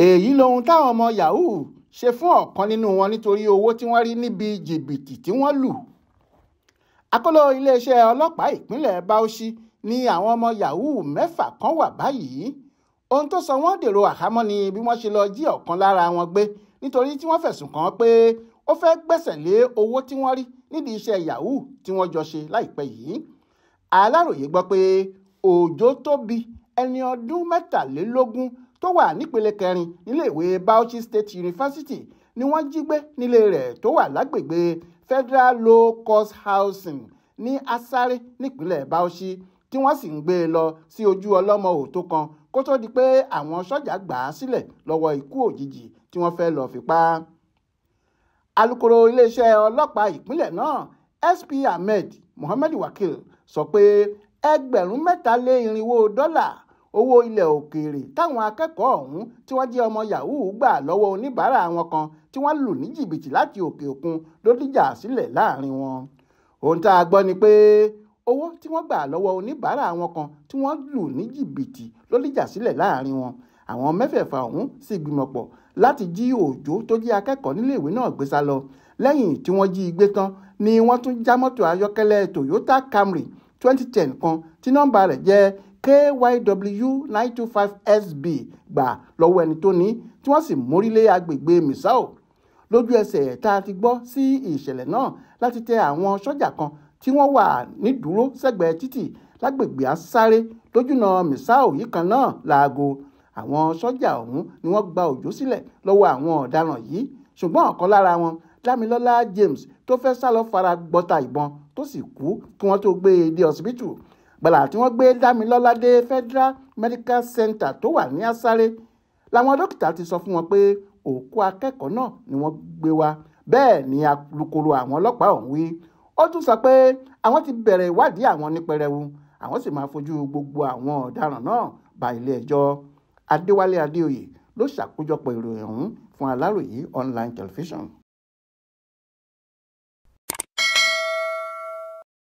èyí lohun táwọn ọmọ yahoo ṣe fún ọ̀kan nínú wọn nítorí owó tí wọ́n rí níbi jìbìtì tí wọ́n lù akọ́lọ iléeṣẹ́ ọlọ́pàá ìpínlẹ̀ Bauchi ni àwọn ọmọ yahoo mẹ́fà kan wà báyìí ohun tó sọ wọ́n dèrò àhámọ́ ni bí wọ́n ṣe lọ jí ọ̀kan lára wọn gbé nítorí tí wọ́n fẹ̀sùn kàn án pé ó fẹ́ gbẹ̀sẹ̀ lé owó tí wọ́n rí nídìí iṣẹ́ yahoo tí wọ́n jọ ṣe láìpẹ́ yìí Aláròyé gbọ́ pé Òjó Tóbi ẹni ọdún mẹ́tàlélógún tó wà nípele kẹrin níléèwé Bauchi State University ni wọ́n jí gbé nílé rẹ̀ tó wà lágbègbè Federal Low Cost Housing ní Asare nípínlẹ̀ Bauchi tí wọ́n sì ń gbé e lọ sí ojú ọlọ́mọ òtó kan kó tó di pé àwọn sọ́jà gbà á sílẹ̀ lọ́wọ́ ikú òjijì tí wọ́n fẹ́ lọ́ọ́ fi pa á. alukoro iléeṣẹ́ ọlọ́pàá ìpínlẹ̀ náà SP Ahmed Mohammed Wakil sọ pé ẹgbẹ̀rún mẹ́ta lé irinwó dọ́là owó ilẹ̀ òkèèrè táwọn akẹ́kọ̀ọ́ ọ̀hún tí wọ́n jẹ́ ọmọ yahoo gbà lọ́wọ́ oníbàárà wọn kan tí wọ́n lù ní jìbìtì láti òkè òkun ló dìjà sílẹ̀ láàrin wọn. ohun tá a gbọ́ ni pé owó tí wọ́n gbà lọ́wọ́ oníbàárà wọn kan tí wọ́n lù ní jìbìtì ló dìjà sílẹ̀ láàrin wọn. àwọn mẹ́fẹ̀ẹ̀fà ọ̀hún sì gbìmọ̀pọ̀ láti jí òjò tó jẹ́ akẹ́kọ̀ọ́ níléèwé náà gbé sá lọ lẹ́yìn tí wọ́n jí i tán ni wọ́n tún já mọ́tò ayọ́kẹ́lẹ́ Toyota Camry 2010 kan tí nọ́mbà rẹ̀ jẹ́ kyw nine two five sb gbà lọ́wọ́ ẹni tó ní tí wọ́n sì mórílé agbègbè misau lójú ẹsẹ̀ tá a ti gbọ́ sí ìṣẹ̀lẹ̀ náà láti tẹ àwọn sọ́jà kan tí wọ́n wà nídúró sẹ́gbẹ̀ẹ́ títì lágbègbè asáré lójúnà misau yìí kan náà láago àwọn sọ́jà ọ̀hún ni wọ́n gba òjò sílẹ̀ lọ́wọ́ àwọn ọ̀daràn yìí ṣùgbọ́n ọ̀kan lára wọn Dámilọ́lá James tó fẹ́ sá lọ fara gbọ́ta ìbọn tó sì kú kí wọ́n tó gbé e dé ọsibítù gbàlà tí wọ́n gbé Dámilọ́ládé Federal Medical Center tó wà ní Asáré làwọn dókítà ti sọ fún wọn pé òkú akẹ́kọ̀ọ́ náà ni wọ́n gbé wá bẹ́ẹ̀ ni alukoro àwọn ọlọ́pàá ọ̀hún wí ó tún sọ pé àwọn ti bẹ̀rẹ̀ ìwádìí àwọn ní pẹrẹwu àwọn sì máa fojú gbogbo àwọn ọ̀daràn náà ba ilé ẹjọ́ Adéwálé Adéoyè ló ṣàkójọpọ̀ ìròyìn ọ̀hún fún Aláròyé online television.